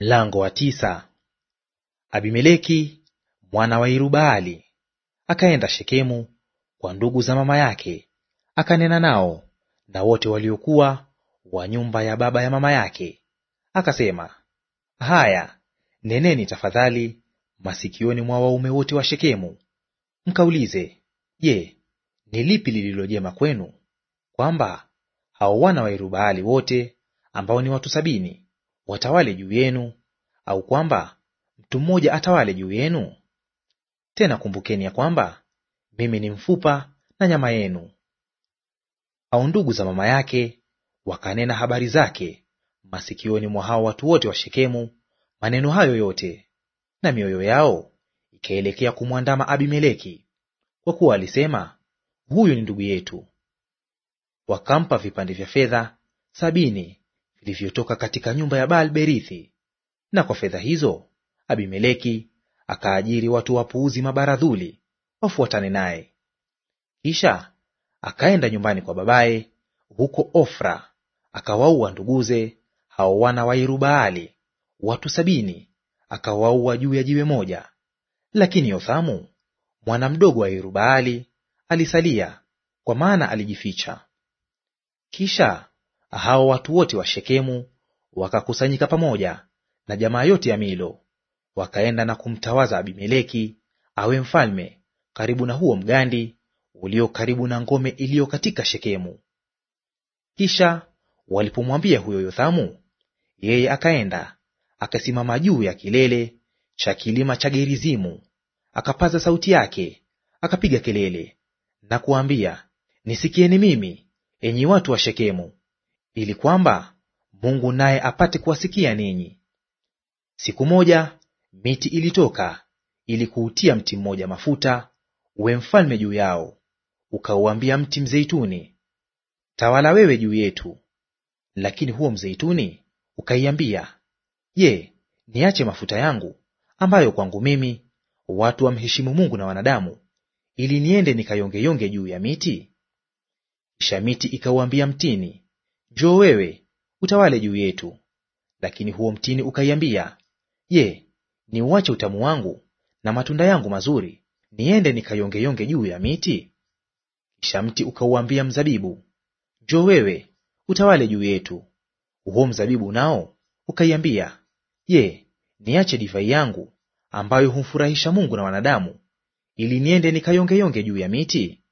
Mlango wa tisa. Abimeleki mwana wa Irubaali akaenda Shekemu kwa ndugu za mama yake, akanena nao na wote waliokuwa wa nyumba ya baba ya mama yake, akasema, haya neneni tafadhali masikioni mwa waume wote wa Shekemu, mkaulize, je, ni lipi lililo jema kwenu, kwamba hao wana wa Irubaali wote ambao ni watu sabini watawale juu yenu, au kwamba mtu mmoja atawale juu yenu? Tena kumbukeni ya kwamba mimi ni mfupa na nyama yenu. Au ndugu za mama yake wakanena habari zake masikioni mwa hao watu wote wa Shekemu maneno hayo yote, na mioyo yao ikaelekea kumwandama Abimeleki, kwa kuwa alisema, huyu ni ndugu yetu. Wakampa vipande vya fedha sabini vilivyotoka katika nyumba ya Baal Berithi. Na kwa fedha hizo Abimeleki akaajiri watu wapuuzi mabaradhuli wafuatane naye. Kisha akaenda nyumbani kwa babaye huko Ofra, akawaua nduguze hao wana wa Yerubaali watu sabini, akawaua juu ya jiwe moja. Lakini Yothamu mwana mdogo wa Yerubaali alisalia, kwa maana alijificha. Kisha hao watu wote wa Shekemu wakakusanyika pamoja na jamaa yote ya Milo, wakaenda na kumtawaza Abimeleki awe mfalme karibu na huo mgandi ulio karibu na ngome iliyo katika Shekemu. Kisha walipomwambia huyo Yothamu, yeye akaenda akasimama juu ya kilele cha kilima cha Gerizimu, akapaza sauti yake, akapiga kelele na kuambia, nisikieni mimi, enyi watu wa Shekemu ili kwamba Mungu naye apate kuwasikia ninyi. Siku moja miti ilitoka ili kuutia mti mmoja mafuta uwe mfalme juu yao, ukauambia mti mzeituni, tawala wewe juu yetu. Lakini huo mzeituni ukaiambia, Je, niache mafuta yangu ambayo kwangu mimi watu wamheshimu Mungu na wanadamu, ili niende nikayongeyonge juu ya miti? Kisha miti ikauambia mtini, Njoo wewe utawale juu yetu. Lakini huo mtini ukaiambia, Je, niuache utamu wangu na matunda yangu mazuri, niende nikayongeyonge juu ya miti? Kisha mti ukauambia mzabibu, Njoo wewe utawale juu yetu. Huo mzabibu nao ukaiambia, Je, niache divai yangu ambayo humfurahisha Mungu na wanadamu, ili niende nikayongeyonge juu ya miti?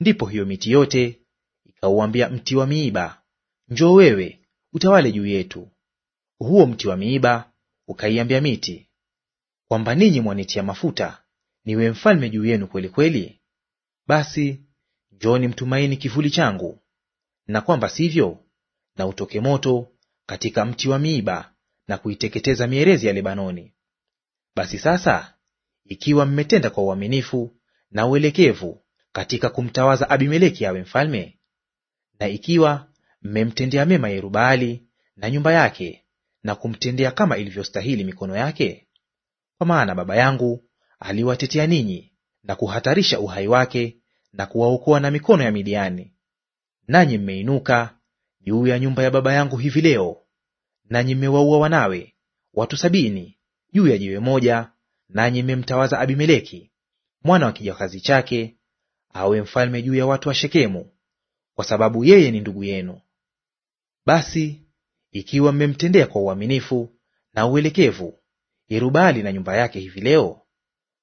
Ndipo hiyo miti yote ikauambia mti wa miiba, Njoo wewe utawale juu yetu. Huo mti wa miiba ukaiambia miti, kwamba ninyi mwanitia mafuta niwe mfalme juu yenu kweli kweli, basi njooni mtumaini kivuli changu, na kwamba sivyo, na utoke moto katika mti wa miiba na kuiteketeza mierezi ya Lebanoni. Basi sasa, ikiwa mmetenda kwa uaminifu na uelekevu katika kumtawaza Abimeleki awe mfalme, na ikiwa mmemtendea mema yerubaali na nyumba yake, na kumtendea kama ilivyostahili mikono yake? Kwa maana baba yangu aliwatetea ninyi na kuhatarisha uhai wake na kuwaokoa na mikono ya Midiani. Nanyi mmeinuka juu ya nyumba ya baba yangu hivi leo, nanyi mmewaua wanawe watu sabini juu ya jiwe moja, nanyi mmemtawaza Abimeleki mwana wa kijakazi chake awe mfalme juu ya watu wa Shekemu, kwa sababu yeye ni ndugu yenu. Basi ikiwa mmemtendea kwa uaminifu na uelekevu yerubali na nyumba yake hivi leo,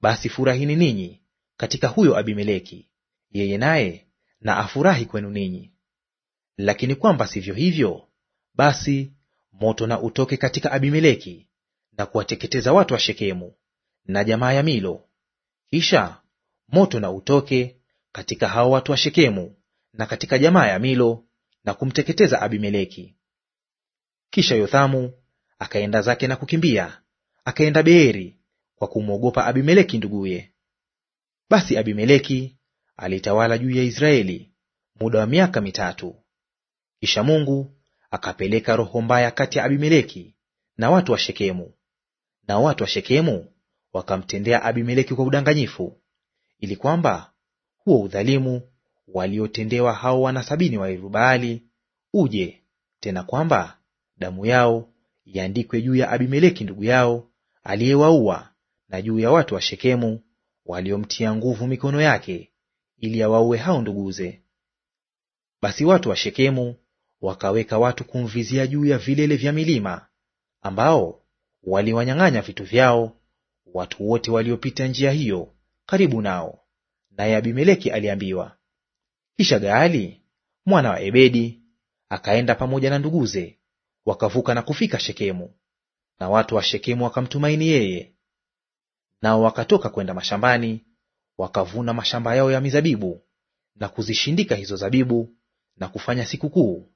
basi furahini ninyi katika huyo Abimeleki, yeye naye na afurahi kwenu ninyi. Lakini kwamba sivyo hivyo, basi moto na utoke katika Abimeleki na kuwateketeza watu wa Shekemu na jamaa ya Milo, kisha moto na utoke katika hao watu wa Shekemu na katika jamaa ya Milo na kumteketeza Abimeleki. Kisha Yothamu akaenda zake na kukimbia, akaenda Beeri kwa kumwogopa Abimeleki nduguye. Basi Abimeleki alitawala juu ya Israeli muda wa miaka mitatu. Kisha Mungu akapeleka roho mbaya kati ya Abimeleki na watu wa Shekemu, na watu wa Shekemu wakamtendea Abimeleki kwa udanganyifu, ili kwamba huo udhalimu waliotendewa hao wana sabini wa Yerubaali uje; tena kwamba damu yao iandikwe juu ya Abimeleki ndugu yao aliyewaua, na juu ya watu wa Shekemu waliomtia nguvu mikono yake, ili awaue hao nduguze. Basi watu wa Shekemu wakaweka watu kumvizia juu ya vilele vya milima, ambao waliwanyang'anya vitu vyao watu wote waliopita njia hiyo karibu nao. Naye Abimeleki aliambiwa, kisha Gaali mwana wa Ebedi akaenda pamoja na nduguze, wakavuka na kufika Shekemu, na watu wa Shekemu wakamtumaini yeye. Nao wakatoka kwenda mashambani, wakavuna mashamba yao ya mizabibu na kuzishindika hizo zabibu na kufanya sikukuu.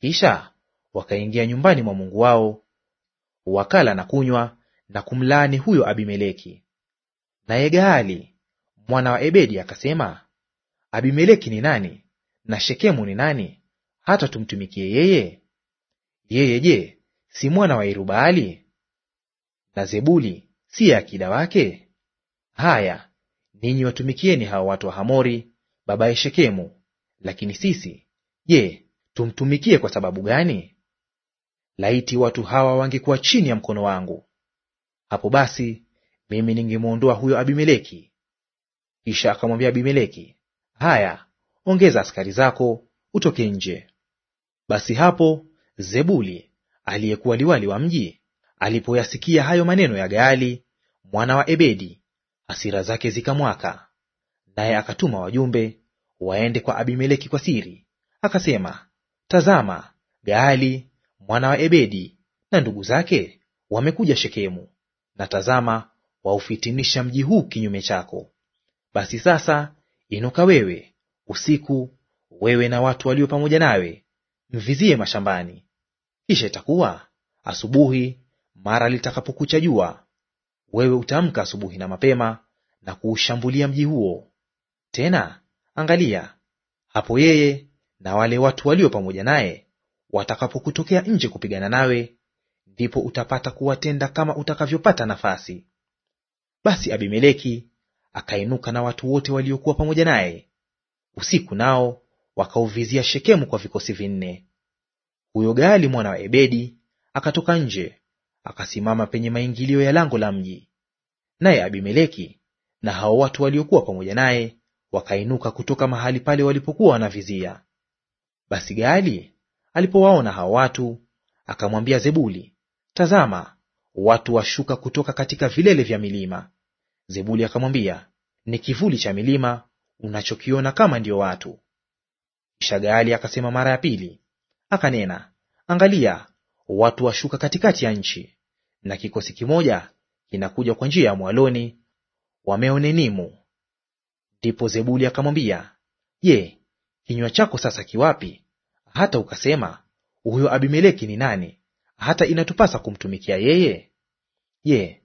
Kisha wakaingia nyumbani mwa Mungu wao, wakala na kunywa na kumlaani huyo Abimeleki. Naye Gaali mwana wa Ebedi akasema, Abimeleki ni nani na Shekemu ni nani hata tumtumikie yeye? Yeye je, si mwana wa Yerubaali? Na Zebuli siye akida wake? Haya, ninyi watumikieni hawa watu wa Hamori babaye Shekemu, lakini sisi je, tumtumikie kwa sababu gani? Laiti watu hawa wangekuwa chini ya mkono wangu, hapo basi mimi ningemwondoa huyo Abimeleki. Kisha akamwambia Abimeleki, Haya, ongeza askari zako utoke nje. Basi hapo Zebuli aliyekuwa liwali wa mji alipoyasikia hayo maneno ya Gaali mwana wa Ebedi, hasira zake zikamwaka, naye akatuma wajumbe waende kwa Abimeleki kwa siri, akasema, Tazama, Gaali mwana wa Ebedi na ndugu zake wamekuja Shekemu, na tazama, waufitinisha mji huu kinyume chako. Basi sasa Inuka wewe usiku, wewe na watu walio pamoja nawe, mvizie mashambani. Kisha itakuwa asubuhi, mara litakapokucha jua, wewe utaamka asubuhi na mapema na kuushambulia mji huo. Tena angalia, hapo yeye na wale watu walio pamoja naye watakapokutokea nje kupigana nawe, ndipo utapata kuwatenda kama utakavyopata nafasi. Basi Abimeleki akainuka na watu wote waliokuwa pamoja naye usiku, nao wakauvizia Shekemu kwa vikosi vinne. Huyo Gaali mwana wa Ebedi akatoka nje akasimama penye maingilio ya lango la mji, naye Abimeleki na hao watu waliokuwa pamoja naye wakainuka kutoka mahali pale walipokuwa wanavizia. Basi Gaali alipowaona hao watu akamwambia Zebuli, tazama, watu washuka kutoka katika vilele vya milima Zebuli akamwambia, ni kivuli cha milima unachokiona kama ndiyo watu. Kisha Gaali akasema mara ya pili, akanena, angalia, watu washuka katikati ya nchi, na kikosi kimoja kinakuja kwa njia ya mwaloni, wameonenimu. Ndipo Zebuli akamwambia, je, kinywa chako sasa kiwapi, hata ukasema huyo Abimeleki ni nani, hata inatupasa kumtumikia yeye? Je,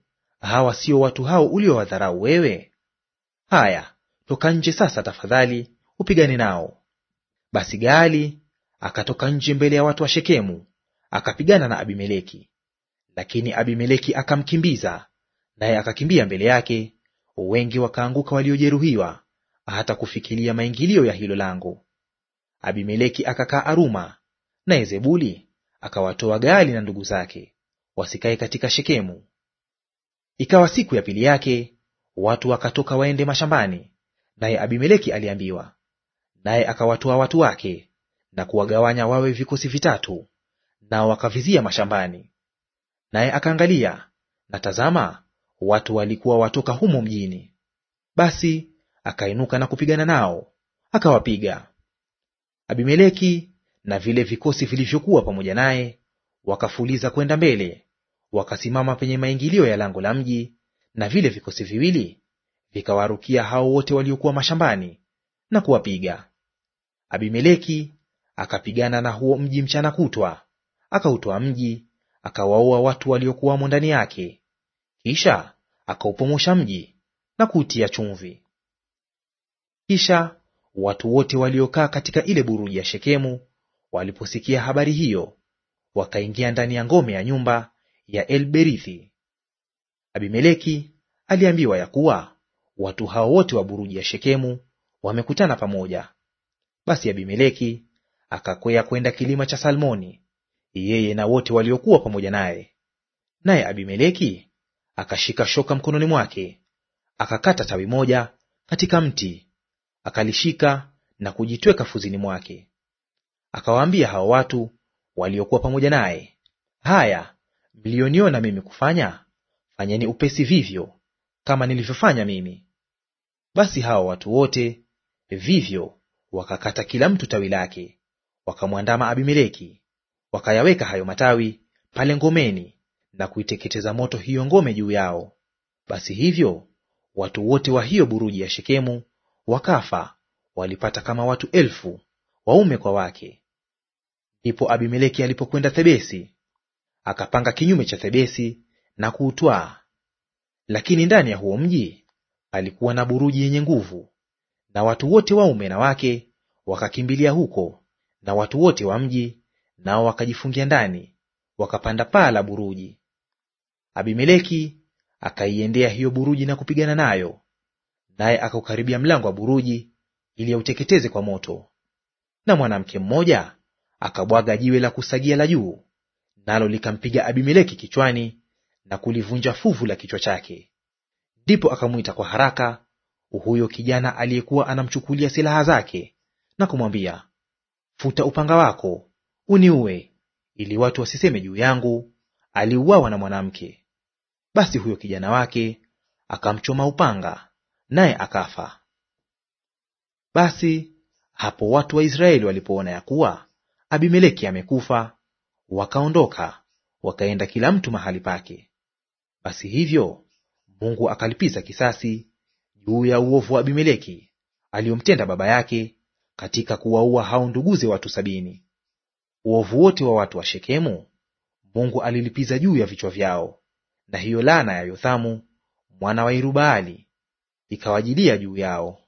hawa sio watu hao uliowadharau wewe? Haya, toka nje sasa tafadhali, upigane nao. Basi Gaali akatoka nje mbele ya watu wa Shekemu, akapigana na Abimeleki. Lakini Abimeleki akamkimbiza, naye akakimbia mbele yake, wengi wakaanguka waliojeruhiwa, hata kufikilia maingilio ya hilo lango. Abimeleki akakaa Aruma, naye Zebuli akawatoa Gaali na ndugu zake wasikae katika Shekemu, Ikawa siku ya pili yake watu wakatoka waende mashambani, naye Abimeleki aliambiwa. Naye akawatoa watu wake na kuwagawanya wawe vikosi vitatu, nao wakavizia mashambani. Naye akaangalia, na tazama, watu walikuwa watoka humo mjini. Basi akainuka na kupigana nao, akawapiga. Abimeleki na vile vikosi vilivyokuwa pamoja naye wakafuliza kwenda mbele wakasimama penye maingilio ya lango la mji, na vile vikosi viwili vikawarukia hao wote waliokuwa mashambani na kuwapiga. Abimeleki akapigana na huo mji mchana kutwa, akautoa mji, akawaua watu waliokuwamo ndani yake, kisha akaupomosha mji na kuutia chumvi. Kisha watu wote waliokaa katika ile buruji ya Shekemu waliposikia habari hiyo, wakaingia ndani ya ngome ya nyumba ya Elberithi. Abimeleki aliambiwa ya kuwa watu hao wote wa buruji ya Shekemu wamekutana pamoja. Basi Abimeleki akakwea kwenda kilima cha Salmoni, yeye na wote waliokuwa pamoja naye. Naye Abimeleki akashika shoka mkononi mwake, akakata tawi moja katika mti, akalishika na kujitweka fuzini mwake. Akawaambia hao watu waliokuwa pamoja naye, haya, mliyoniona mimi kufanya, fanyeni upesi vivyo kama nilivyofanya mimi. Basi hao watu wote vivyo wakakata kila mtu tawi lake, wakamwandama Abimeleki, wakayaweka hayo matawi pale ngomeni na kuiteketeza moto hiyo ngome juu yao. Basi hivyo watu wote wa hiyo buruji ya Shekemu wakafa, walipata kama watu elfu, waume kwa wake. Ndipo Abimeleki alipokwenda Thebesi akapanga kinyume cha Thebesi na kuutwaa. Lakini ndani ya huo mji palikuwa na buruji yenye nguvu, na watu wote waume na wake wakakimbilia huko, na watu wote wa mji nao wakajifungia ndani, wakapanda paa la buruji. Abimeleki akaiendea hiyo buruji na kupigana nayo, naye akaukaribia mlango wa buruji ili auteketeze kwa moto. Na mwanamke mmoja akabwaga jiwe la kusagia la juu nalo likampiga Abimeleki kichwani na kulivunja fuvu la kichwa chake. Ndipo akamwita kwa haraka huyo kijana aliyekuwa anamchukulia silaha zake na kumwambia, futa upanga wako uniue, ili watu wasiseme juu yangu, aliuawa na mwanamke. Basi huyo kijana wake akamchoma upanga, naye akafa. Basi hapo watu wa Israeli walipoona ya kuwa Abimeleki amekufa, Wakaondoka wakaenda kila mtu mahali pake. Basi hivyo Mungu akalipiza kisasi juu ya uovu wa Abimeleki aliyomtenda baba yake katika kuwaua hao nduguze watu sabini. Uovu wote wa watu wa Shekemu Mungu alilipiza juu ya vichwa vyao, na hiyo laana ya Yothamu mwana wa Irubaali ikawajilia juu yao.